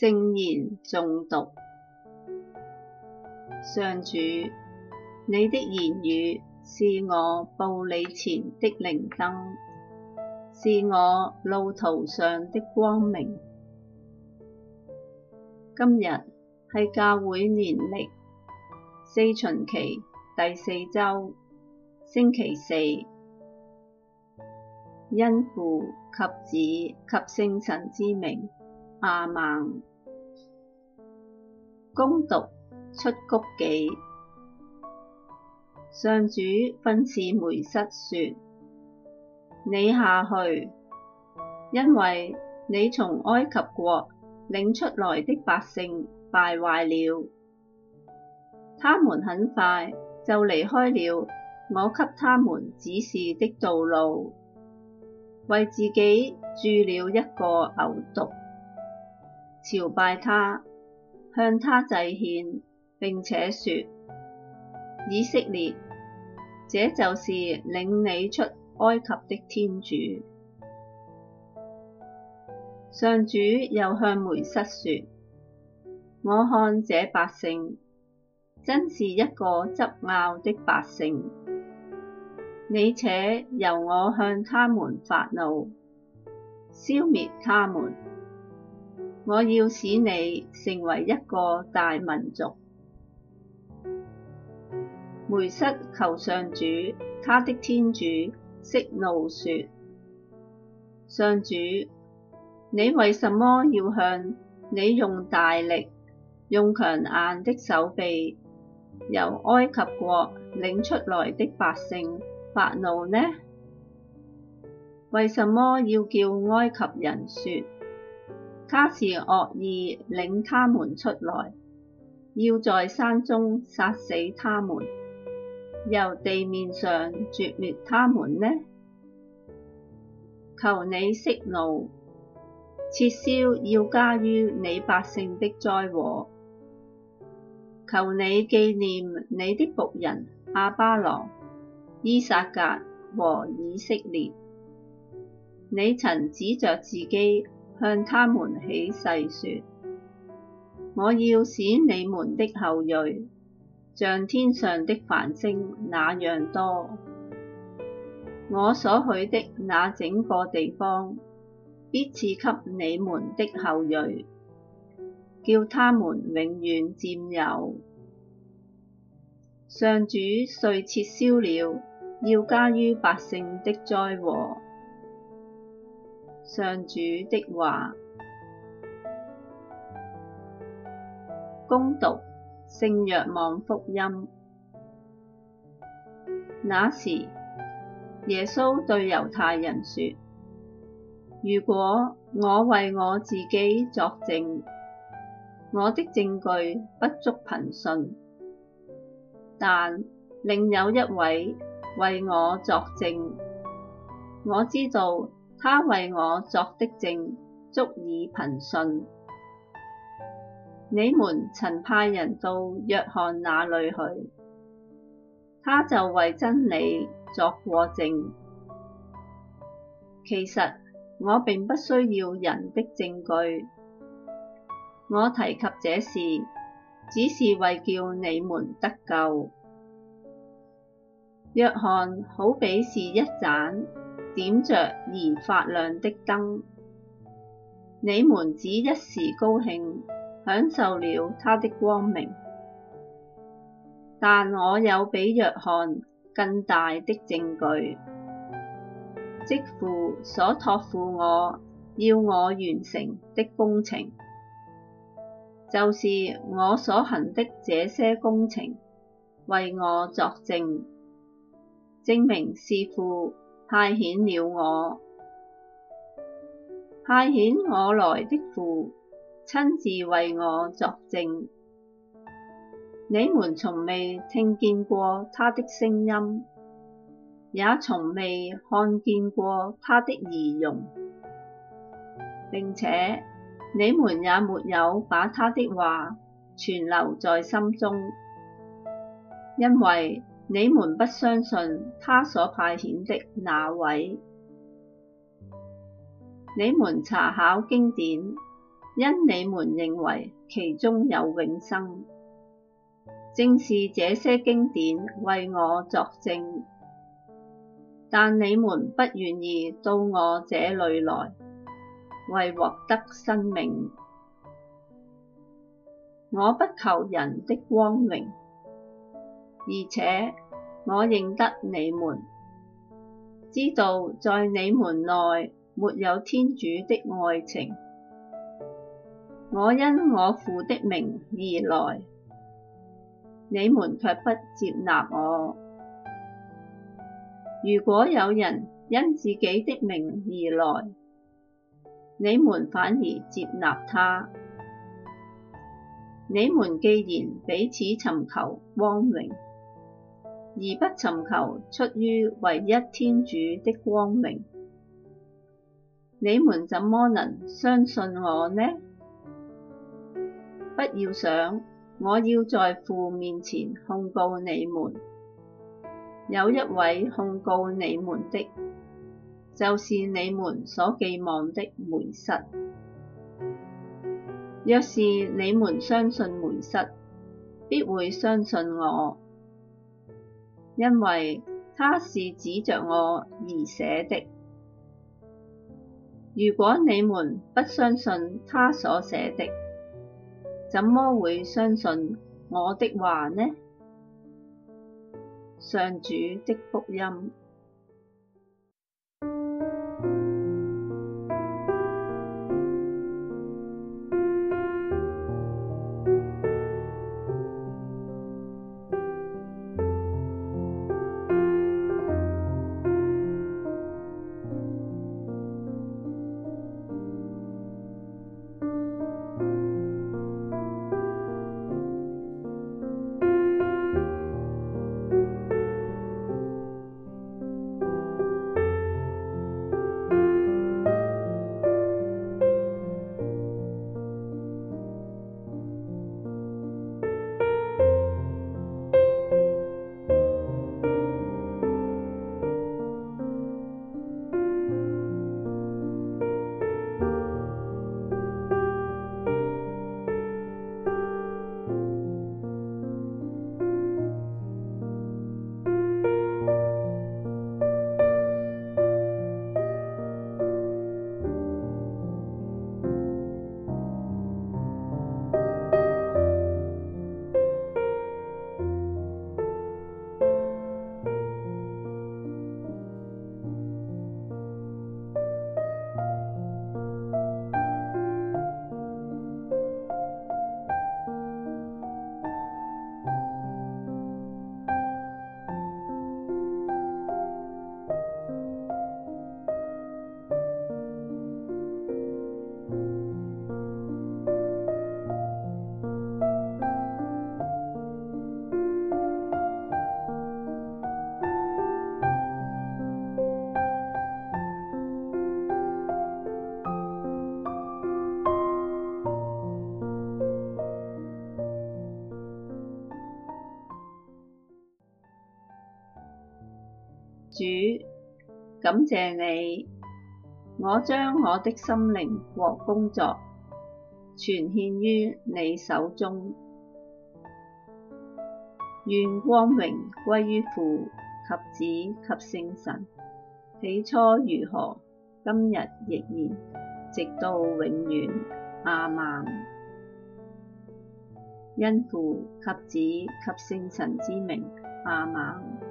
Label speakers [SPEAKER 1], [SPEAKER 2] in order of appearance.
[SPEAKER 1] 聖言誦讀。上主，你的言語是我步履前的靈燈，是我路途上的光明。今日係教會年曆四旬期第四週星期四，因父及子及聖神之名。阿們。恭讀出谷紀，上主訓示梅瑟說：你下去，因為你從埃及國領出來的百姓敗壞了，他們很快就離開了我給他們指示的道路，為自己鑄了一個牛犢。朝拜他，向他祭獻，並且說：以色列，這就是領你出埃及的天主。上主又向梅瑟說：我看這百姓，真是一個執拗的百姓，你且由我向他們發怒，消滅他們。我要使你成為一個大民族。梅瑟求上主，他的天主息怒，說：上主，你為什麼要向你用大力、用強硬的手臂，由埃及國領出來的百姓發怒呢？為什麼要叫埃及人說？卡是惡意領他們出來，要在山中殺死他們，由地面上絕滅他們呢？求你息怒，撤消要加於你百姓的災禍。求你記念你的僕人阿巴郎、伊撒格和以色列，你曾指着自己。向他們起誓説：我要使你們的後裔像天上的繁星那樣多。我所許的那整個地方，必賜給你們的後裔，叫他們永遠佔有。上主遂撤銷了要加於百姓的災禍。上主的話，恭讀聖若望福音。那時，耶穌對猶太人說：如果我為我自己作證，我的證據不足憑信，但另有一位為我作證，我知道。他為我作的證，足以憑信。你們曾派人到若翰那裏去，他就為真理作過證。其實我並不需要人的證據，我提及這事，只是為叫你們得救。若翰好比是一盞點著而發亮的燈，你們只一時高興，享受了他的光明，但我有比若翰更大的證據，即父所託付我要我完成的工程，就是我所行的這些工程，為我作證，證明是父。派遣了我，派遣我來的父，親自為我作證，你們從未聽見過他的聲音，也從未看見過他的儀容，並且你們也沒有把他的話存留在心中，因為。你們不相信他所派遣的那位，你們查考經典，因你們認為其中有永生。正是這些經典為我作證，但你們不願意到我這裏來，為獲得生命。我不求人的光榮。而且我認得你們，知道在你們內沒有天主的愛情。我因我父的名而來，你們卻不接納我。如果有人因自己的名而來，你們反而接納他。你們既然彼此尋求光榮，而不尋求出於唯一天主的光明，你們怎麼能相信我呢？不要想，我要在父面前控告你們。有一位控告你們的，就是你們所寄望的梅瑟。若是你們相信梅瑟，必會相信我。因為他是指著我而寫的，如果你們不相信他所寫的，怎麼會相信我的話呢？上主的福音。主，感謝你，我將我的心靈和工作全獻於你手中。願光榮歸於父及子及聖神，起初如何，今日亦然，直到永遠，阿們。因父及子及聖神之名，阿們。